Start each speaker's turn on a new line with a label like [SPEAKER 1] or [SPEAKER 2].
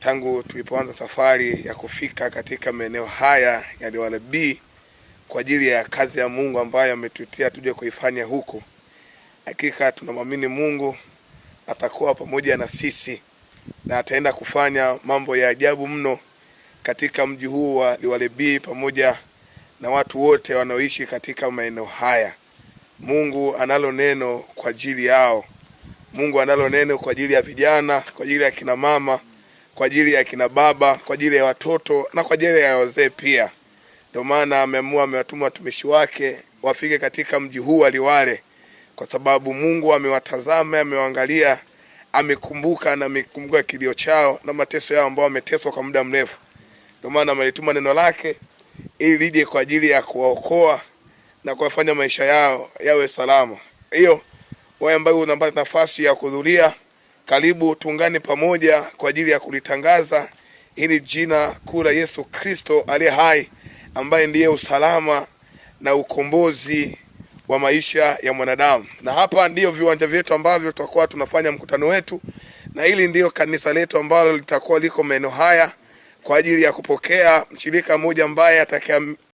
[SPEAKER 1] tangu tulipoanza safari ya kufika katika maeneo haya ya Liwale B kwa ajili ya kazi ya Mungu ambayo ametutia tuje kuifanya huku Hakika tunamwamini Mungu atakuwa pamoja na sisi na ataenda kufanya mambo ya ajabu mno katika mji huu wa Liwale B pamoja na watu wote wanaoishi katika maeneo haya. Mungu analo neno kwa ajili yao. Mungu analo neno kwa ajili ya vijana, kwa ajili ya kina mama kwa ajili ya kina baba, kwa ajili ya watoto na kwa ajili ya wazee pia. Ndio maana ameamua, amewatuma watumishi wake wafike katika mji huu wa Liwale, kwa sababu Mungu amewatazama, amewaangalia, amekumbuka na amekumbuka kilio chao na mateso yao ambao wameteswa kwa muda mrefu. Ndio maana amelituma neno lake ili lije kwa ajili ya kuwaokoa na kuwafanya maisha yao yawe salama. Hiyo wewe ambaye unapata nafasi ya kuhudhuria karibu tuungane pamoja kwa ajili ya kulitangaza ili jina kuu la Yesu Kristo aliye hai, ambaye ndiye usalama na ukombozi wa maisha ya mwanadamu.
[SPEAKER 2] Na hapa ndiyo viwanja vyetu ambavyo tutakuwa tunafanya mkutano wetu, na hili ndiyo kanisa letu ambalo litakuwa liko maeneo haya kwa ajili ya kupokea mshirika mmoja ambaye